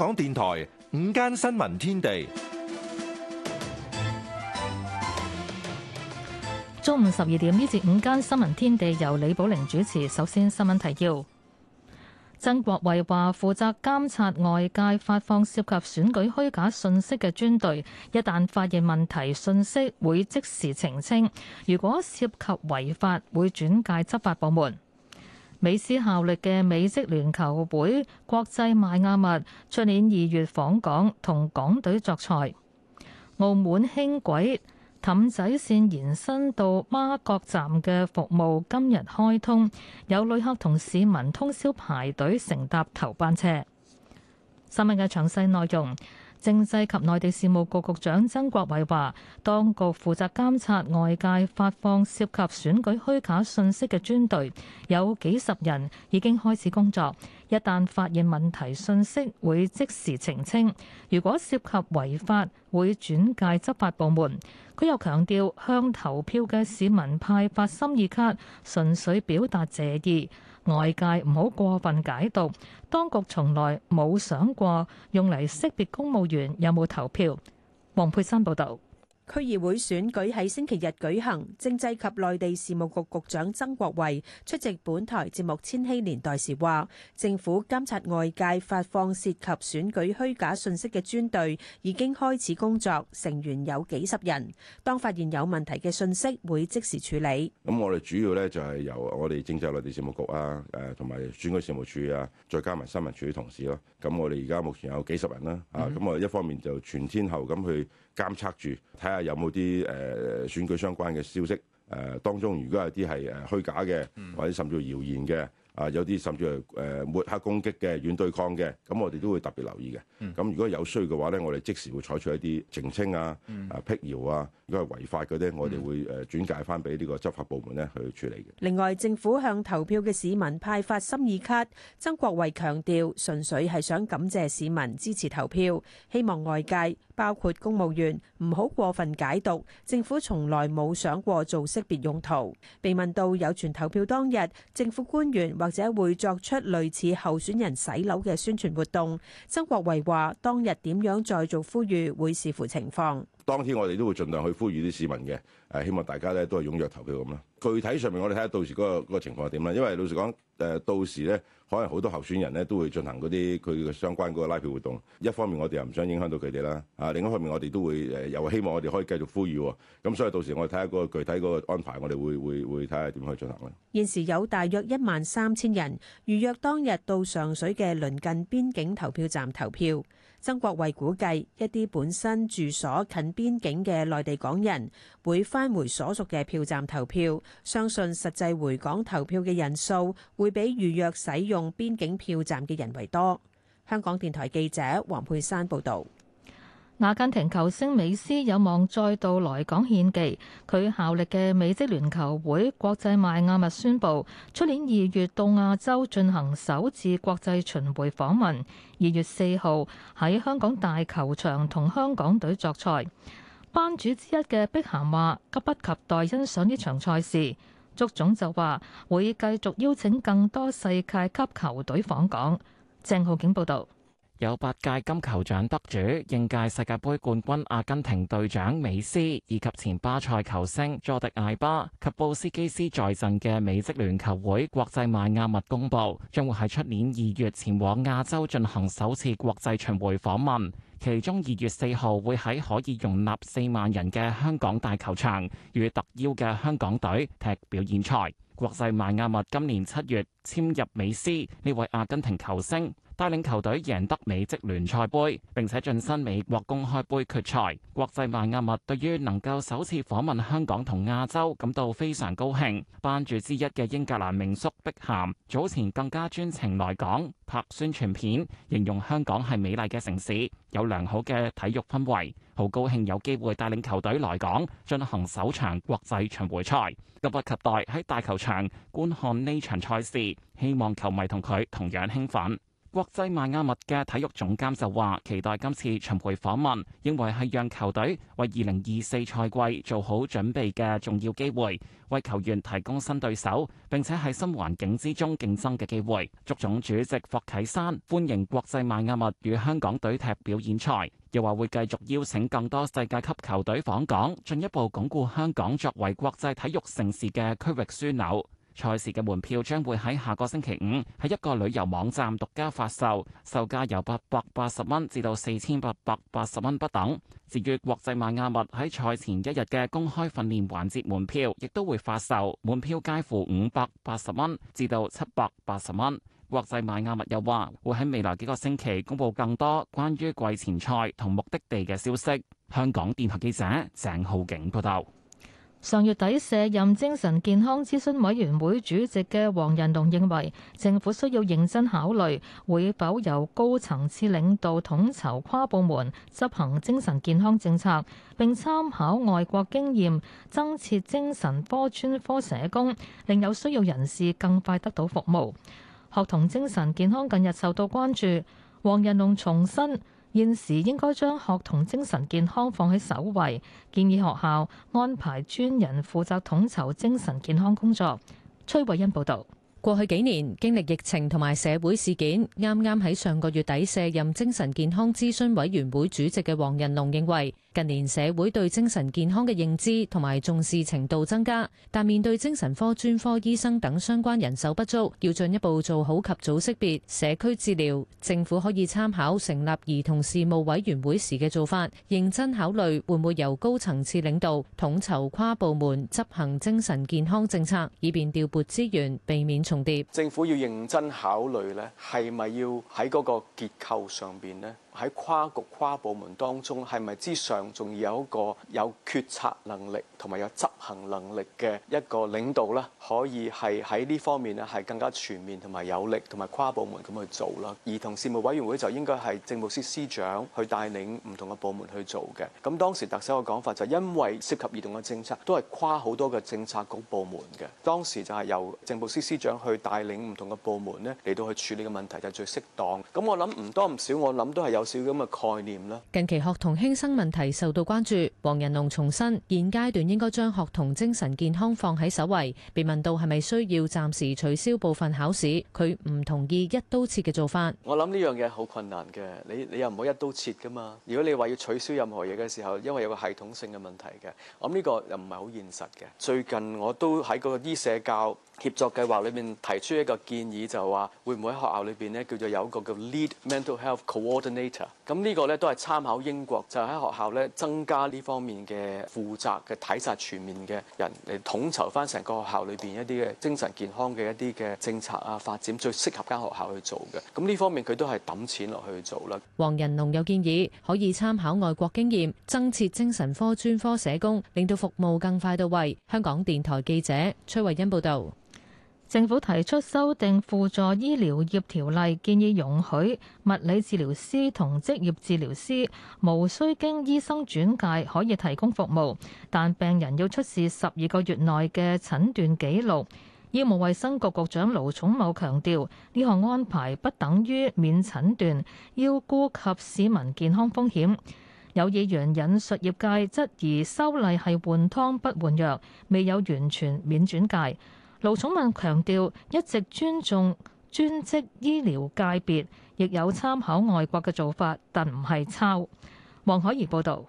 香港電台午間新聞天地，中午十二點呢至午間新聞天地由李寶玲主持。首先新聞提要：曾國衛話，負責監察外界發放涉及選舉虛假信息嘅專隊，一旦發現問題信息，會即時澄清；如果涉及違法，會轉介執法部門。美斯效力嘅美職聯球會國際邁阿密，出年二月訪港同港隊作賽。澳門輕軌氹仔線延伸到媽閣站嘅服務今日開通，有旅客同市民通宵排隊乘搭頭班車。新聞嘅詳細內容。政制及內地事務局局長曾國偉話，當局負責監察外界發放涉及選舉虛假信息嘅專隊，有幾十人已經開始工作，一旦發現問題信息會即時澄清，如果涉及違法，會轉介執法部門。佢又強調，向投票嘅市民派發心意卡，純粹表達謝意。外界唔好過分解讀，當局從來冇想過用嚟識別公務員有冇投票。黃佩珊報道。區議會選舉喺星期日舉行，政制及內地事務局局長曾國衛出席本台節目《千禧年代》時話，政府監察外界發放涉及選舉虛假信息嘅專隊已經開始工作，成員有幾十人。當發現有問題嘅信息，會即時處理。咁我哋主要呢就係由我哋政制內地事務局啊，誒同埋選舉事務處啊，再加埋新聞處嘅同事咯。咁我哋而家目前有幾十人啦，啊咁我一方面就全天候咁去監察住，睇下。有冇啲誒選舉相關嘅消息？誒當中如果有啲係誒虛假嘅，或者甚至係謠言嘅，啊有啲甚至係誒抹黑攻擊嘅、軟對抗嘅，咁我哋都會特別留意嘅。咁如果有需要嘅話咧，我哋即時會採取一啲澄清啊、啊辟謠啊。如果係違法嘅咧，我哋會誒轉介翻俾呢個執法部門咧去處理嘅。另外，政府向投票嘅市民派發心意卡，曾國衞強調，純粹係想感謝市民支持投票，希望外界，包括公務員唔好過分解讀，政府從來冇想過做識別用途。被問到有傳投票當日，政府官員或者會作出類似候選人洗樓嘅宣傳活動，曾國衞話：當日點樣再做呼籲，會視乎情況。當天我哋都會盡量去呼籲啲市民嘅，誒希望大家咧都係踴躍投票咁啦。具體上面我哋睇下到時嗰個嗰個情況係點啦。因為老實講，誒到時咧可能好多候選人咧都會進行嗰啲佢嘅相關嗰個拉票活動。一方面我哋又唔想影響到佢哋啦，啊另一方面我哋都會誒又希望我哋可以繼續呼籲喎。咁所以到時我哋睇下嗰個具體嗰個安排，我哋會會會睇下點去進行咧。現時有大約一萬三千人預約當日到上水嘅鄰近邊境投票站投票。曾國衛估計一啲本身住所近邊境嘅內地港人會返回所屬嘅票站投票，相信實際回港投票嘅人數會比預約使用邊境票站嘅人為多。香港電台記者黃佩珊報道。阿根廷球星美斯有望再度來港獻技。佢效力嘅美職聯球會國際邁亞密宣布，出年二月到亞洲進行首次國際巡迴訪問。二月四號喺香港大球場同香港隊作賽。班主之一嘅碧咸話：急不及待欣賞呢場賽事。足總就話會繼續邀請更多世界級球隊訪港。鄭浩景報道。有八屆金球獎得主、應屆世界杯冠軍、阿根廷隊長美斯以及前巴塞球星佐迪艾巴及布斯基斯在陣嘅美職聯球會國際邁阿密公布，將會喺出年二月前往亞洲進行首次國際巡回訪問，其中二月四號會喺可以容納四萬人嘅香港大球場與特邀嘅香港隊踢表演賽。國際邁阿密今年七月簽入美斯呢位阿根廷球星。帶領球隊贏得美職聯賽盃，並且晉身美國公開盃決賽。國際邁阿密對於能夠首次訪問香港同亞洲感到非常高興。班主之一嘅英格蘭名宿碧咸早前更加專程來港拍宣傳片，形容香港係美麗嘅城市，有良好嘅體育氛圍，好高興有機會帶領球隊來港進行首場國際巡迴賽，迫不及待喺大球場觀看呢場賽事，希望球迷同佢同樣興奮。國際邁阿密嘅體育總監就話：期待今次巡回訪問，認為係讓球隊為二零二四賽季做好準備嘅重要機會，為球員提供新對手，並且喺新環境之中競爭嘅機會。足總主席霍啟山歡迎國際邁阿密與香港隊踢表演賽，又話會繼續邀請更多世界級球隊訪港，進一步鞏固香港作為國際體育城市嘅區域樞紐。賽事嘅門票將會喺下個星期五喺一個旅遊網站獨家發售，售價由八百八十蚊至到四千八百八十蚊不等。至於國際邁亞密喺賽前一日嘅公開訓練環節門票，亦都會發售，門票介乎五百八十蚊至到七百八十蚊。國際邁亞密又話會喺未來幾個星期公佈更多關於季前賽同目的地嘅消息。香港電台記者鄭浩景報道。上月底卸任精神健康諮詢委員會主席嘅黃仁龍認為政府需要認真考慮會否由高層次領導統籌跨部門執行精神健康政策，並參考外國經驗增設精神科專科社工，令有需要人士更快得到服務。學童精神健康近日受到關注，黃仁龍重申。現時應該將學童精神健康放喺首位，建議學校安排專人負責統籌精神健康工作。崔慧欣報導，過去幾年經歷疫情同埋社會事件，啱啱喺上個月底卸任精神健康諮詢委員會主席嘅黃仁龍認為，近年社會對精神健康嘅認知同埋重視程度增加，但面對精神科專科醫生等相關人手不足，要進一步做好及早識別、社區治療，政府可以參考成立兒童事務委員會時嘅做法，認真考慮會唔會由高層次領導統籌跨部門執行精神健康政策，以便調撥資源，避免重疊。政府要認真考慮，呢係咪要喺嗰個結構上邊呢？喺跨局跨部門當中，係咪之上仲有一個有決策能力同埋有執行能力嘅一個領導咧，可以係喺呢方面咧係更加全面同埋有力同埋跨部門咁去做啦。兒童事務委員會就應該係政務司司長去帶領唔同嘅部門去做嘅。咁當時特首嘅講法就因為涉及兒童嘅政策，都係跨好多嘅政策局部門嘅。當時就係由政務司司長去帶領唔同嘅部門咧嚟，到去處理嘅問題就係最適當。咁我諗唔多唔少，我諗都係有。有少咁嘅概念啦。近期學童輕生問題受到關注，黃仁龍重申現階段應該將學童精神健康放喺首位。被問到係咪需要暫時取消部分考試，佢唔同意一刀切嘅做法。我諗呢樣嘢好困難嘅，你你又唔好一刀切㗎嘛。如果你話要取消任何嘢嘅時候，因為有個系統性嘅問題嘅，我諗呢個又唔係好現實嘅。最近我都喺個啲社交協作計劃裏面提出一個建議，就話會唔會喺學校裏邊咧叫做有一個叫 Lead Mental Health Coordinator。咁呢個咧都係參考英國，就喺、是、學校咧增加呢方面嘅負責嘅體察全面嘅人嚟統籌翻成個學校裏邊一啲嘅精神健康嘅一啲嘅政策啊，發展最適合間學校去做嘅。咁呢方面佢都係揼錢落去做啦。黃仁龍又建議可以參考外國經驗，增設精神科專科社工，令到服務更快到位。香港電台記者崔慧欣報導。政府提出修訂輔助醫療業條例，建議容許物理治療師同職業治療師無需經醫生轉介，可以提供服務，但病人要出示十二個月內嘅診斷記錄，醫務衛生局局長盧寵茂強調呢項安排不等於免診斷，要顧及市民健康風險，有議員引述業界質疑修例係換湯不換藥，未有完全免轉介。盧寵文強調，一直尊重專職醫療界別，亦有參考外國嘅做法，但唔係抄。黃海怡報道。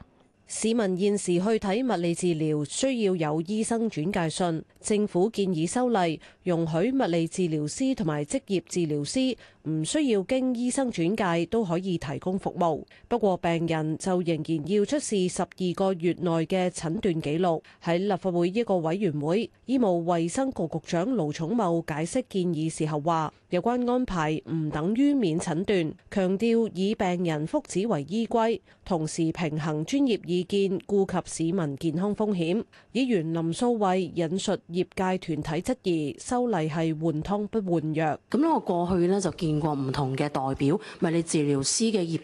市民現時去睇物理治療需要有醫生轉介信，政府建議修例容許物理治療師同埋職業治療師唔需要經醫生轉介都可以提供服務。不過病人就仍然要出示十二個月內嘅診斷記錄。喺立法會一個委員會，醫務衛生局局長盧寵茂解釋建議時候話。有關安排唔等於免診斷，強調以病人福祉為依歸，同時平衡專業意見，顧及市民健康風險。議員林素蔚引述業界團體質疑修例係換湯不換藥。咁我過去呢就見過唔同嘅代表，物理治療師嘅業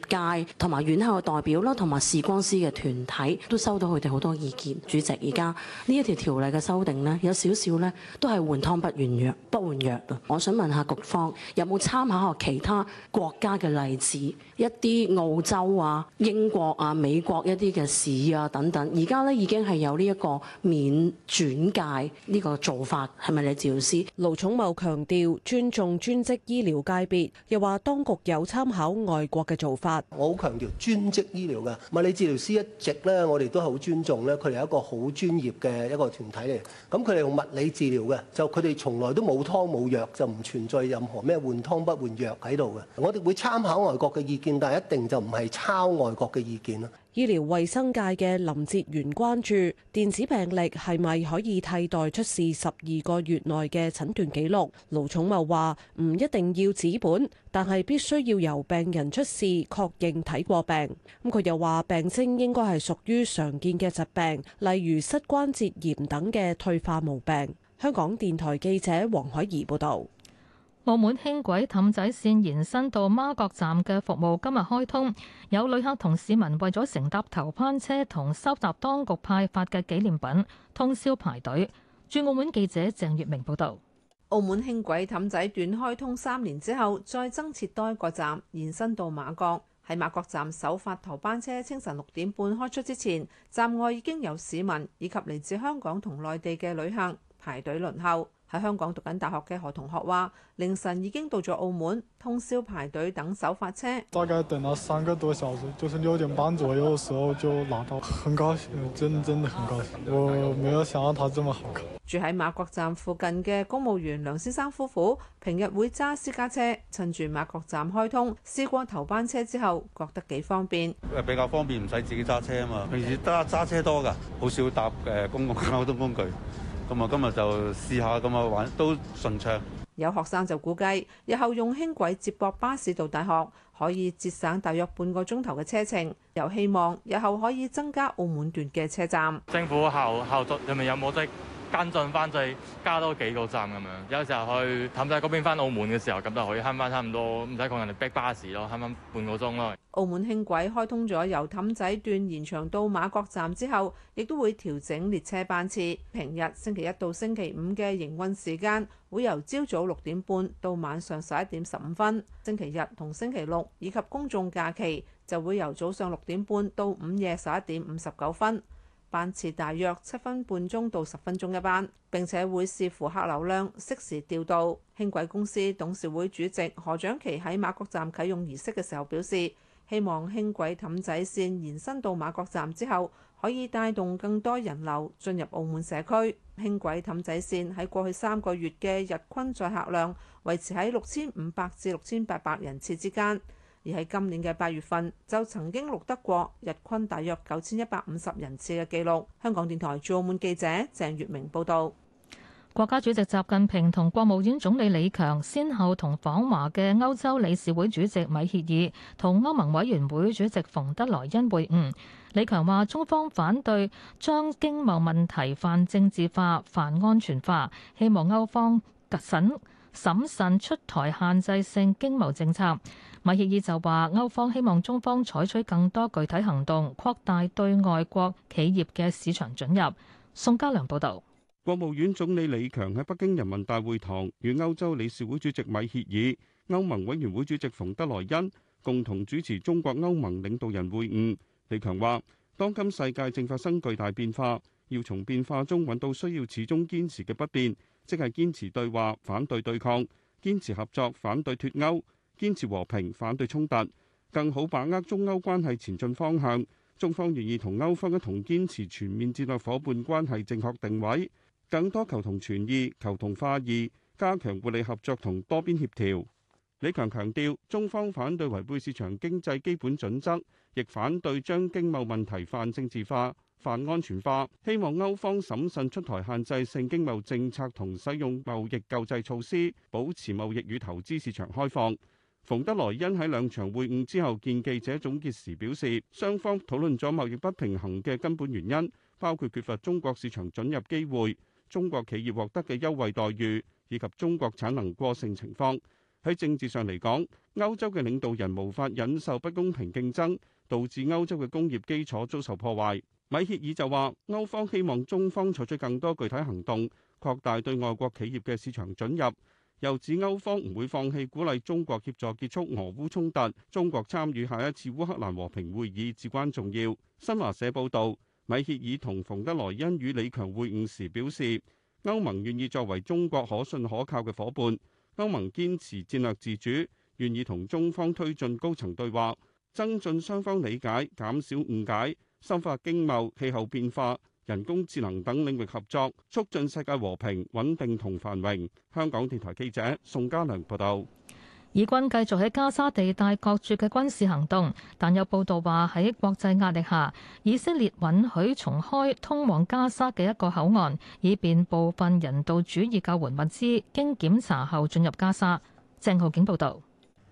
界同埋院校嘅代表啦，同埋視光師嘅團體都收到佢哋好多意見。主席，而家呢一條條例嘅修訂呢，有少少呢都係換湯不換藥，不換藥。我想問下局方。有冇參考下其他國家嘅例子？一啲澳洲啊、英國啊、美國一啲嘅市啊等等，而家咧已經係有呢一個免轉介呢個做法，係咪理治療師？盧寵茂強調尊重專職醫療界別，又話當局有參考外國嘅做法。我好強調專職醫療㗎，物理治療師一直咧，我哋都好尊重咧，佢哋係一個好專業嘅一個團體嚟。咁佢哋用物理治療嘅，就佢哋從來都冇湯冇藥，就唔存在任何咩換湯不換藥喺度嘅。我哋會參考外國嘅意見。但一定就唔係抄外國嘅意見啦。醫療衛生界嘅林哲源關注電子病歷係咪可以替代出示十二個月內嘅診斷記錄，盧寵茂話唔一定要紙本，但係必須要由病人出示確認睇過病。咁佢又話病徵應該，係屬於常見嘅疾病，例如膝關節炎等嘅退化毛病。香港電台記者黃海怡報道。澳門輕軌氹仔線延伸到媽閣站嘅服務今日開通，有旅客同市民為咗乘搭頭班車同收集當局派發嘅紀念品，通宵排隊。駐澳門記者鄭月明報道：澳門輕軌氹仔段開通三年之後，再增設多一個站，延伸到媽閣。喺媽閣站首發頭班車清晨六點半開出之前，站外已經有市民以及嚟自香港同內地嘅旅客。排隊輪候。喺香港讀緊大學嘅何同學話，凌晨已經到咗澳門，通宵排隊等首發車，大概等咗三個多小時，就是六點半左右時候就拿到，很高興，真的真的很高興。我沒有想到它這麼好。住喺馬國站附近嘅公務員梁先生夫婦，平日會揸私家車，趁住馬國站開通試過頭班車之後，覺得幾方便，比較方便，唔使自己揸車啊嘛。平時揸揸車多噶，好少搭公共交通工具。工具咁啊，今日就試下，咁啊玩都順暢。有學生就估計，日後用輕軌接駁巴士到大學，可以節省大約半個鐘頭嘅車程。又希望日後可以增加澳門段嘅車站。政府後後續入面有冇得？跟進翻再加多幾個站咁樣，有時候去氹仔嗰邊翻澳門嘅時候，咁就可以慳翻差唔多，唔使講人哋逼巴士咯，慳翻半個鐘咯。澳門輕軌開通咗由氹仔段延長到媽閣站之後，亦都會調整列車班次。平日星期一到星期五嘅營運時間，會由朝早六點半到晚上十一點十五分；星期日同星期六以及公眾假期，就會由早上六點半到午夜十一點五十九分。班次大約七分半鐘到十分鐘一班，並且會視乎客流量，適時調度。輕軌公司董事會主席何蔣祺喺媽閣站啟用儀式嘅時候表示，希望輕軌氹仔線延伸到媽閣站之後，可以帶動更多人流進入澳門社區。輕軌氹仔線喺過去三個月嘅日均載客量維持喺六千五百至六千八百人次之間。而喺今年嘅八月份，就曾經錄得過日均大約九千一百五十人次嘅記錄。香港電台駐澳門記者鄭月明報導。國家主席習近平同國務院總理李強先後同訪華嘅歐洲理事會主席米歇爾同歐盟委員會主席馮德萊恩會晤。李強話：中方反對將經貿問題泛政治化、泛安全化，希望歐方及審。審慎出台限制性經貿政策，米歇爾就話歐方希望中方採取更多具體行動，擴大對外國企業嘅市場准入。宋嘉良報導。國務院總理李強喺北京人民大會堂與歐洲理事會主席米歇爾、歐盟委員會主席馮德萊恩共同主持中國歐盟領導人會晤。李強話：當今世界正發生巨大變化，要從變化中揾到需要始終堅持嘅不變。即係堅持對話，反對對抗；堅持合作，反對脱歐；堅持和平，反對衝突。更好把握中歐關係前進方向，中方願意同歐方一同堅持全面戰略伙伴關係正確定位，更多求同存異，求同化異，加強互利合作同多邊協調。李強強調，中方反對違背市場經濟基本準則，亦反對將經貿問題泛政治化。化安全化，希望歐方審慎出台限制性經貿政策同使用貿易救濟措施，保持貿易與投資市場開放。馮德萊恩喺兩場會晤之後見記者總結時表示，雙方討論咗貿易不平衡嘅根本原因，包括缺乏中國市場准入機會、中國企業獲得嘅優惠待遇以及中國產能過剩情況。喺政治上嚟講，歐洲嘅領導人無法忍受不公平競爭，導致歐洲嘅工業基礎遭受破壞。米歇爾就話：歐方希望中方採取更多具體行動，擴大對外國企業嘅市場准入。又指歐方唔會放棄鼓勵中國協助結束俄烏衝突，中國參與下一次烏克蘭和平會議至關重要。新華社報導，米歇爾同馮德萊恩與李強會晤時表示，歐盟願意作為中國可信可靠嘅伙伴。歐盟堅持戰略自主，願意同中方推進高層對話，增進雙方理解，減少誤解。深化經貿、氣候變化、人工智能等領域合作，促進世界和平、穩定同繁榮。香港電台記者宋嘉良報道。以軍繼續喺加沙地帶各處嘅軍事行動，但有報道話喺國際壓力下，以色列允許重開通往加沙嘅一個口岸，以便部分人道主義救援物資經檢查後進入加沙。鄭浩景報道。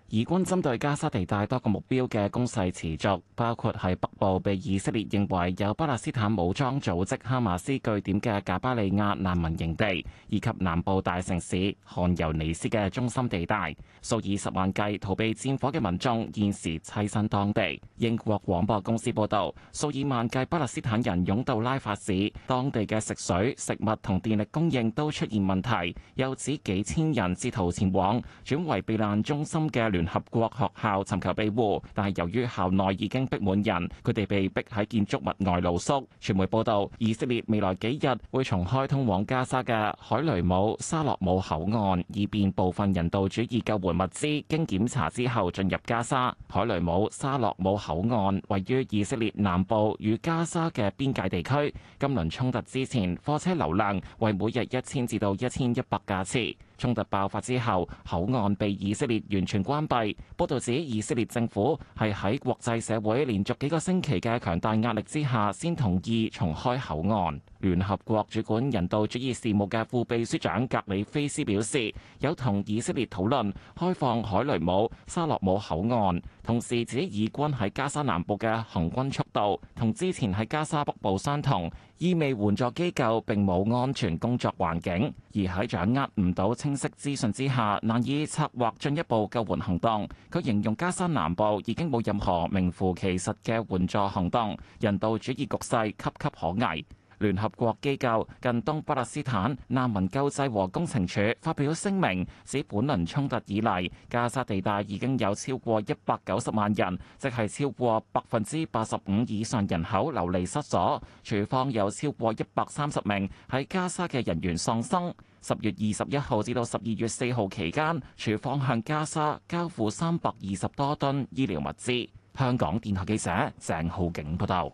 以軍針對加沙地帶多個目標嘅攻勢持續，包括喺北部被以色列認為有巴勒斯坦武裝組織哈馬斯據點嘅賈巴利亞難民營地，以及南部大城市汗尤尼斯嘅中心地帶。數以十萬計逃避戰火嘅民眾現時棲身當地。英國廣播公司報導，數以萬計巴勒斯坦人湧到拉法市，當地嘅食水、食物同電力供應都出現問題，又指幾千人試圖前往轉為避難中心嘅聯合國學校尋求庇護，但係由於校內已經逼滿人，佢哋被逼喺建築物外露宿。傳媒報道，以色列未來幾日會重開通往加沙嘅海雷姆沙洛姆口岸，以便部分人道主義救援物資經檢查之後進入加沙。海雷姆沙洛姆口岸位於以色列南部與加沙嘅邊界地區。今輪衝突之前，貨車流量為每日一千至到一千一百架次。衝突爆發之後，口岸被以色列完全關閉。報道指，以色列政府係喺國際社會連續幾個星期嘅強大壓力之下，先同意重開口岸。聯合國主管人道主義事務嘅副秘書長格里菲斯表示，有同以色列討論開放海雷姆、沙洛姆口岸，同時指以軍喺加沙南部嘅行軍速度同之前喺加沙北部相同，意味援助機構並冇安全工作環境，而喺掌握唔到清晰資訊之下，難以策劃進一步救援行動，佢形容加沙南部已經冇任何名副其實嘅援助行動，人道主義局勢岌岌可危。聯合國機構近東巴勒斯坦難民救濟和工程處發表聲明，指本輪衝突以嚟，加沙地帶已經有超過一百九十萬人，即係超過百分之八十五以上人口流離失所。處方有超過一百三十名喺加沙嘅人員喪生。十月二十一號至到十二月四號期間，處方向加沙交付三百二十多噸醫療物資。香港電台記者鄭浩景報道。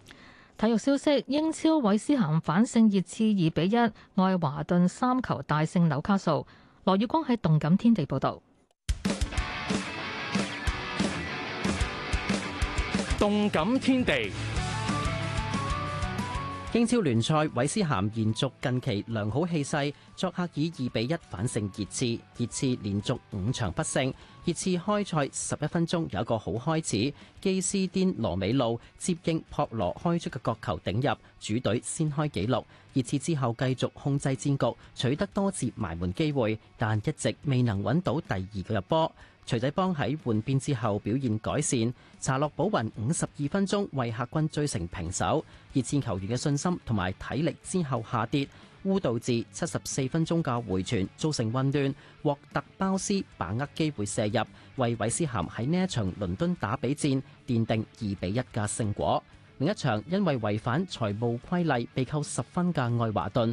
體育消息：英超韋斯咸反勝熱刺二比一，愛華頓三球大勝紐卡素。羅宇光喺動感天地報道。動感天地。報英超聯賽，韋斯咸延續近期良好氣勢，作客以二比一反勝熱刺。熱刺連續五場不勝。熱刺開賽十一分鐘有一個好開始，基斯甸羅美路接應博羅開出嘅角球頂入，主隊先開紀錄。熱刺之後繼續控制戰局，取得多次埋門機會，但一直未能揾到第二個入波。鎚仔邦喺換邊之後表現改善，查洛保雲五十二分鐘為客軍追成平手。熱戰球員嘅信心同埋體力之後下跌，烏導致七十四分鐘嘅回傳造成混亂，獲特包斯把握機會射入，為韋斯咸喺呢一場倫敦打比戰奠定二比一嘅勝果。另一場因為違反財務規例被扣十分嘅愛華頓。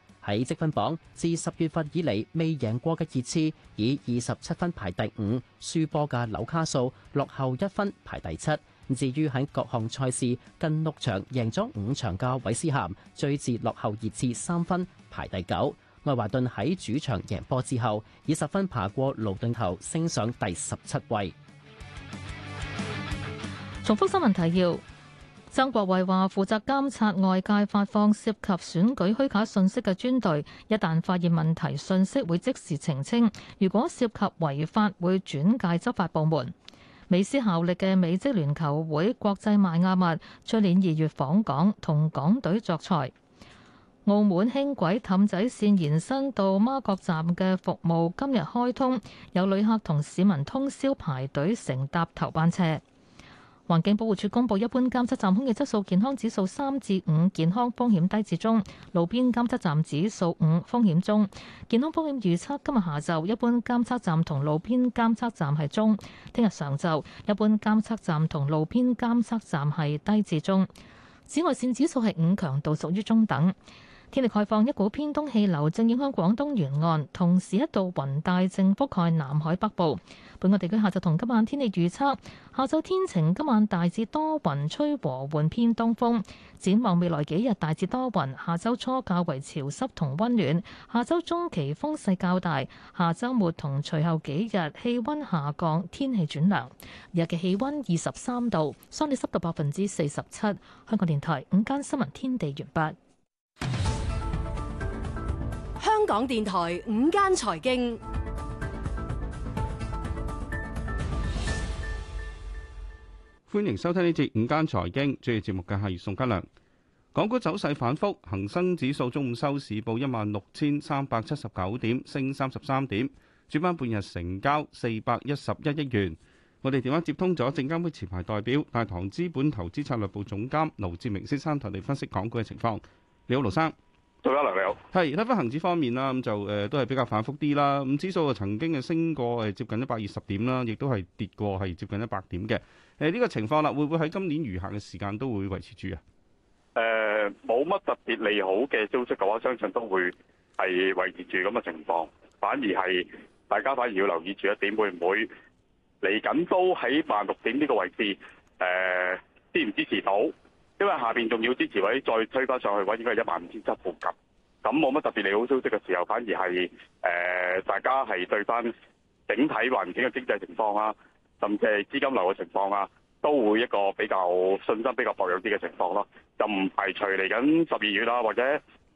喺積分榜，自十月份以嚟未贏過嘅熱刺，以二十七分排第五；輸波嘅紐卡素落後一分排第七。至於喺各項賽事近六場贏咗五場嘅韋斯咸，追至落後熱刺三分排第九。愛華頓喺主場贏波之後，以十分爬過盧頓頭，升上第十七位。重複新聞提要。曾國衛話：負責監察外界發放涉及選舉虛假信息嘅專隊，一旦發現問題，信息會即時澄清；如果涉及違法，會轉介執法部門。美斯效力嘅美職聯球會國際邁亞密，去年二月訪港同港隊作賽。澳門輕軌氹仔線延伸到媽閣站嘅服務今日開通，有旅客同市民通宵排隊乘搭頭班車。環境保護署公布，一般監測站空氣質素健康指數三至五，健康風險低至中；路邊監測站指數五，風險中。健康風險預測，今日下晝一般監測站同路邊監測站係中，聽日上晝一般監測站同路邊監測站係低至中。紫外線指數係五，強度屬於中等。天氣概況，一股偏東氣流正影響廣東沿岸，同時一道雲帶正覆蓋南海北部。本港地區下晝同今晚天氣預測：下晝天晴，今晚大致多雲，吹和緩偏東風。展望未來幾日大致多雲，下週初較為潮濕同溫暖，下週中期風勢較大，下週末同隨後幾日氣溫下降，天氣轉涼。日嘅氣溫二十三度，相對濕度百分之四十七。香港電台午間新聞天地完畢。港電台午間財經，歡迎收聽呢節午間財經。主持節目嘅係宋嘉良。港股走勢反覆，恒生指數中午收市報一萬六千三百七十九點，升三十三點。主板半日成交四百一十一億元。我哋電話接通咗，證監會前排代表、大唐資本投資策略部總監盧志明先生同你分析港股嘅情況。你好，盧生。對啦，梁友係睇翻恒指方面啦，咁、嗯、就誒、呃、都係比較反覆啲啦。咁指數啊曾經誒升過誒接近一百二十點啦，亦都係跌過係接近一百點嘅。誒、呃、呢、這個情況啦，會唔會喺今年餘下嘅時間都會維持住啊？誒、呃，冇乜特別利好嘅消息嘅話，相信都會係維持住咁嘅情況。反而係大家反而要留意住一點，會唔會嚟緊都喺萬六點呢個位置誒支唔支持到？因為下邊仲要支持位再推翻上去，位應該係一萬五千七附近。咁冇乜特別利好消息嘅時候，反而係誒、呃、大家係對翻整體環境嘅經濟情況啊，甚至係資金流嘅情況啊，都會一個比較信心比較薄弱啲嘅情況咯。就唔排除嚟緊十二月啦，或者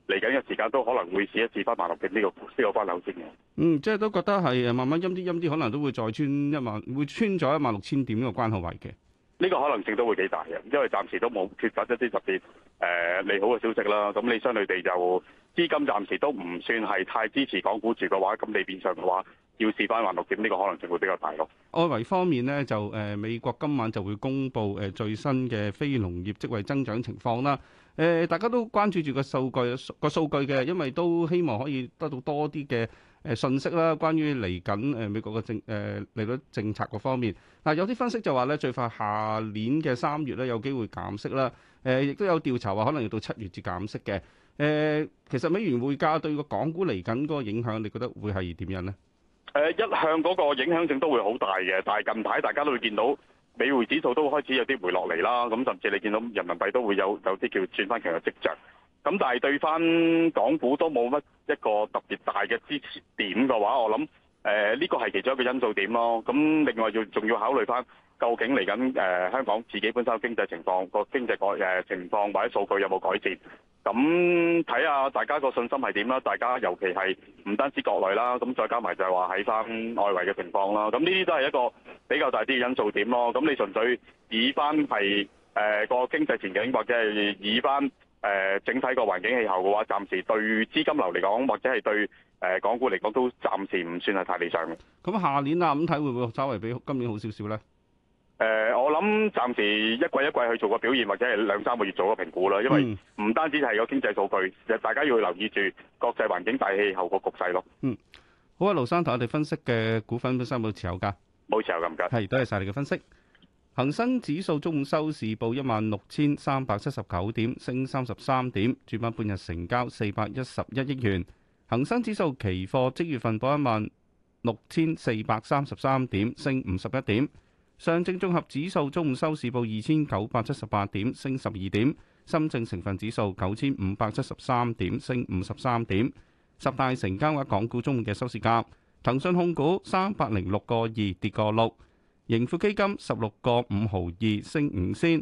嚟緊嘅時間都可能會試一次翻萬六點呢個呢、呢個關口先嘅。嗯，即係都覺得係誒慢慢陰啲陰啲，可能都會再穿一萬，會穿咗一萬六千點呢個關口位嘅。呢個可能性都會幾大嘅，因為暫時都冇缺乏一啲特別誒利好嘅消息啦。咁你相對地就資金暫時都唔算係太支持港股住嘅話，咁你變相嘅話。要試翻橫六點，呢、這個可能性會比較大咯。外圍方面呢，就誒、呃、美國今晚就會公布誒最新嘅非農業職位增長情況啦。誒、呃，大家都關注住個數據數個數據嘅，因為都希望可以得到多啲嘅誒信息啦。關於嚟緊誒美國嘅政誒、呃、利率政策嗰方面，嗱、呃、有啲分析就話呢最快下年嘅三月呢，有機會減息啦。誒，亦都有調查話可能要到七月至減息嘅。誒、呃，其實美元匯價對個港股嚟緊嗰個影響，你覺得會係點樣呢？誒、呃、一向嗰個影響性都會好大嘅，但係近排大家都會見到美匯指數都開始有啲回落嚟啦，咁甚至你見到人民幣都會有有啲叫轉翻強嘅跡象，咁但係對翻港股都冇乜一個特別大嘅支持點嘅話，我諗誒呢個係其中一個因素點咯，咁另外要仲要考慮翻。究竟嚟緊誒香港自己本身嘅經濟情況個經濟改誒情況或者數據有冇改善？咁睇下大家個信心係點啦。大家尤其係唔單止國內啦，咁再加埋就係話喺翻外圍嘅情況啦。咁呢啲都係一個比較大啲嘅因素點咯。咁你純粹以翻係誒個經濟前景或者係以翻誒、呃、整體個環境氣候嘅話，暫時對資金流嚟講，或者係對誒港股嚟講，都暫時唔算係太理想嘅。咁下年啊，咁睇會唔會稍微比今年好少少咧？誒、呃，我諗暫時一季一季去做個表現，或者係兩三個月做個評估啦。因為唔單止係個經濟數據，其、就是、大家要留意住國際環境大氣候個局勢咯。嗯，好啊，盧生同我哋分析嘅股份本身冇持有噶，冇持有咁噶。係，多謝晒你嘅分析。恒生指數中午收市報一萬六千三百七十九點，升三十三點，主板半日成交四百一十一億元。恒生指數期貨即月份報一萬六千四百三十三點，升五十一點。上證綜合指數中午收市報二千九百七十八點，升十二點；深證成分指數九千五百七十三點，升五十三點。十大成交額港股中午嘅收市價：騰訊控股三百零六個二跌個六；盈富基金十六個五毫二升五仙；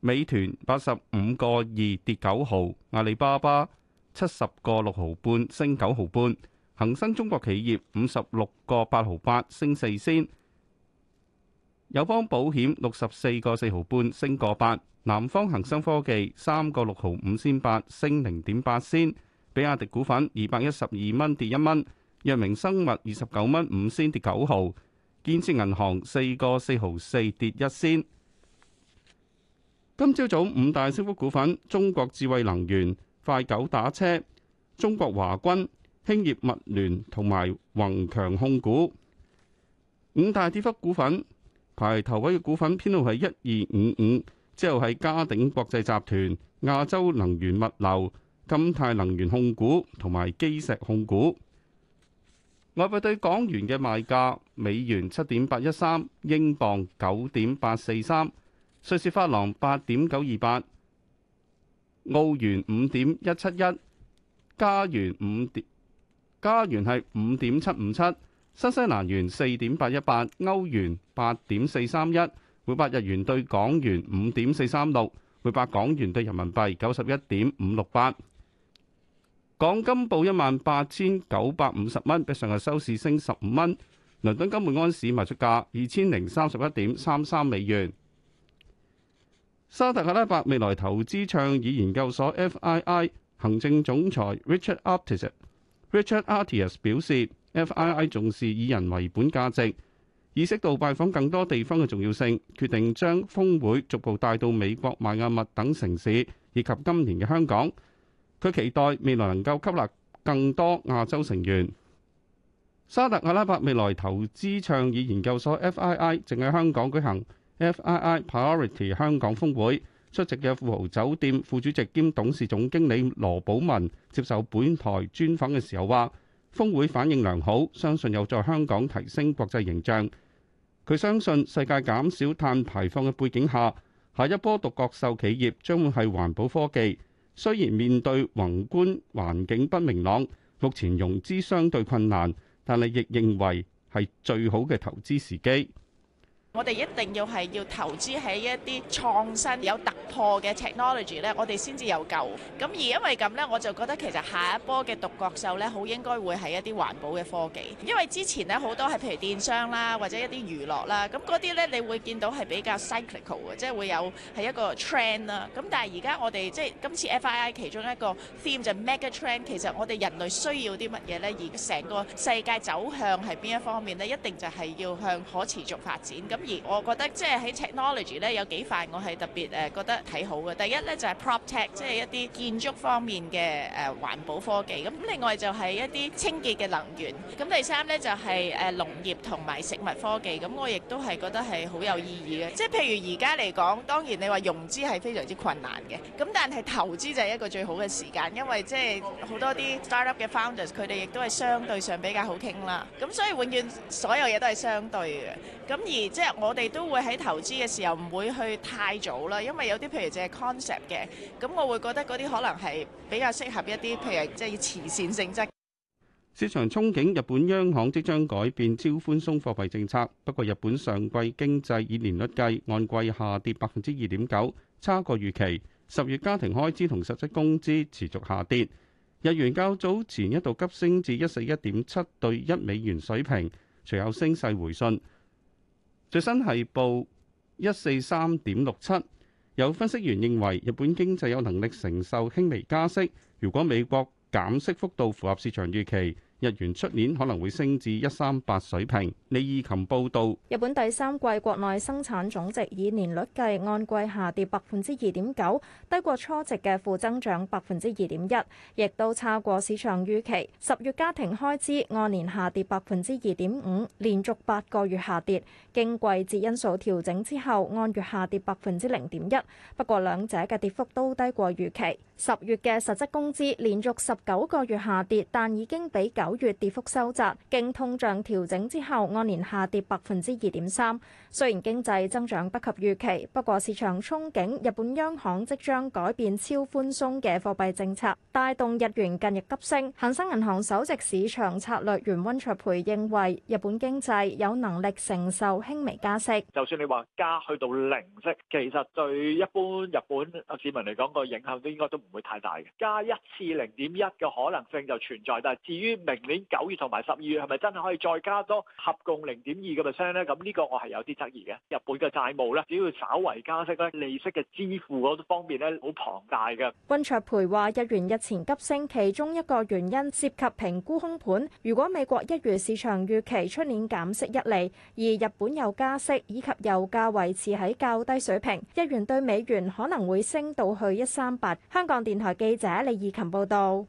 美團八十五個二跌九毫；阿里巴巴七十個六毫半升九毫半；恒生中國企業五十六個八毫八升四仙。友邦保險六十四個四毫半升個八，南方恒生科技三個六毫五仙八升零點八仙，比亞迪股份二百一十二蚊跌一蚊，藥明生物二十九蚊五仙跌九毫，建設銀行四個四毫四跌一仙。今朝早五大升幅股份：中國智慧能源、快狗打車、中國華軍、興業物聯同埋宏強控股。五大跌幅股，股份。排頭位嘅股份編號係一二五五，之後係嘉鼎國際集團、亞洲能源物流、金泰能源控股同埋基石控股。外幣對港元嘅賣價，美元七點八一三，英鎊九點八四三，瑞士法郎八點九二八，澳元五點一七一，加元五點加元係五點七五七，新西蘭元四點八一八，歐元，八點四三一，每百日元對港元五點四三六，每百港元對人民幣九十一點五六八。港金報一萬八千九百五十蚊，比上日收市升十五蚊。倫敦金每安士賣出價二千零三十一點三三美元。沙特阿拉伯未來投資倡議研究所 FII 行政總裁 Richard Attias, Richard Attias Richard Attias 表示 FII 重視以人為本價值。意識到拜訪更多地方嘅重要性，決定將峯會逐步帶到美國、邁亞密等城市，以及今年嘅香港。佢期待未來能夠吸納更多亞洲成員。沙特阿拉伯未來投資倡議研究所 （FII） 正喺香港舉行 FII Priority 香港峯會，出席嘅富豪酒店副主席兼董事總經理羅寶文接受本台專訪嘅時候話：峯會反應良好，相信有助香港提升國際形象。佢相信世界減少碳排放嘅背景下，下一波獨角獸企業將會係環保科技。雖然面對宏觀環境不明朗，目前融資相對困難，但係亦認為係最好嘅投資時機。我哋一定要係要投資喺一啲創新有突破嘅 technology 咧，我哋先至有救。咁而因為咁咧，我就覺得其實下一波嘅獨角獸咧，好應該會係一啲環保嘅科技。因為之前咧好多係譬如電商啦，或者一啲娛樂啦，咁嗰啲咧你會見到係比較 cyclical 嘅，即係會有係一個 trend 啦。咁但係而家我哋即係今次 FII 其中一個 theme 就 mega trend，其實我哋人類需要啲乜嘢咧？而成個世界走向係邊一方面咧？一定就係要向可持續發展咁。而我覺得即係喺 technology 咧有幾塊我係特別誒覺得睇好嘅，第一咧就係 prop tech，即係一啲建築方面嘅誒環保科技，咁另外就係一啲清潔嘅能源，咁第三咧就係誒農業同埋食物科技，咁我亦都係覺得係好有意義嘅。即係譬如而家嚟講，當然你話融資係非常之困難嘅，咁但係投資就係一個最好嘅時間，因為即係好多啲 startup 嘅 founders 佢哋亦都係相對上比較好傾啦。咁所以永遠所有嘢都係相對嘅，咁而即係。我哋都會喺投資嘅時候唔會去太早啦，因為有啲譬如淨係 concept 嘅，咁我會覺得嗰啲可能係比較適合一啲，譬如即係慈善性質。市場憧憬日本央行即將改變超寬鬆貨幣政策，不過日本上季經濟以年率計按季下跌百分之二點九，差過預期。十月家庭開支同實質工資持續下跌，日元較早前一度急升至一四一點七對一美元水平，隨後升勢回順。最新係報，一四三點六七，有分析員認為日本經濟有能力承受輕微加息，如果美國減息幅度符合市場預期。日元出年可能會升至一三八水平。李以琴報道，日本第三季國內生產總值以年率計，按季下跌百分之二點九，低過初值嘅負增長百分之二點一，亦都差過市場預期。十月家庭開支按年下跌百分之二點五，連續八個月下跌，經季節因素調整之後，按月下跌百分之零點一。不過兩者嘅跌幅都低過預期。十月嘅實質工資連續十九個月下跌，但已經比較九月跌幅收窄，經通脹調整之後，按年下跌百分之二點三。雖然經濟增長不及預期，不過市場憧憬日本央行即將改變超寬鬆嘅貨幣政策，帶動日元近日急升。恒生銀行首席市場策略員溫卓培認為，日本經濟有能力承受輕微加息。就算你話加去到零息，其實對一般日本啊市民嚟講個影響都應該都唔會太大嘅。加一次零點一嘅可能性就存在，但係至於明。明年九月同埋十二月係咪真係可以再加多合共零點二個 percent 咧？咁呢個我係有啲質疑嘅。日本嘅債務咧，只要稍為加息咧，利息嘅支付嗰方面咧，好龐大嘅。溫卓培話，日元日前急升，其中一個原因涉及評估空盤。如果美國一如市場預期出年減息一釐，而日本又加息，以及油價維持喺較低水平，日元對美元可能會升到去一三八。香港電台記者李怡琴報道。